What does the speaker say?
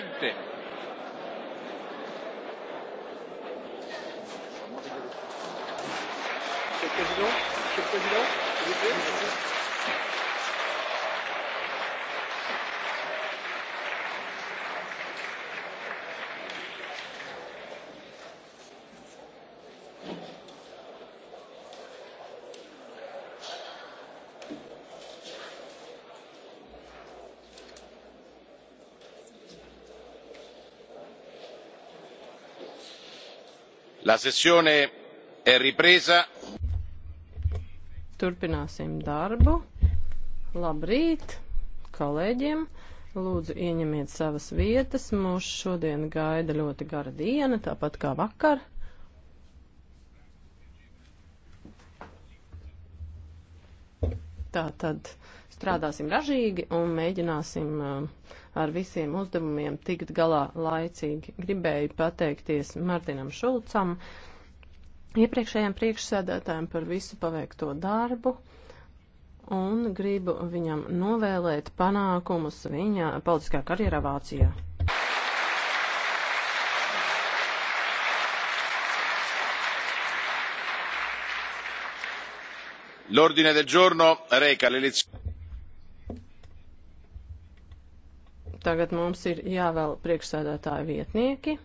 presidente. Monsieur le Président, Monsieur le Président, s'il vous plaît. La sessione è ripresa. Turpināsim darbu. Labrīt kolēģiem. Lūdzu, ieņemiet savas vietas. Mūs šodien gaida ļoti gara diena, tāpat kā vakar. Tā tad strādāsim ražīgi un mēģināsim eh, ar visiem uzdevumiem tikt galā laicīgi. Gribēju pateikties Martinam Šulcam, iepriekšējiem priekšsēdētājiem par visu paveikto darbu un gribu viņam novēlēt panākumus viņa politiskā karjerā Vācijā. l'ordine del giorno reca l'elezione. tagad mums ir jāvēl priekšsēdētāja vietnieki.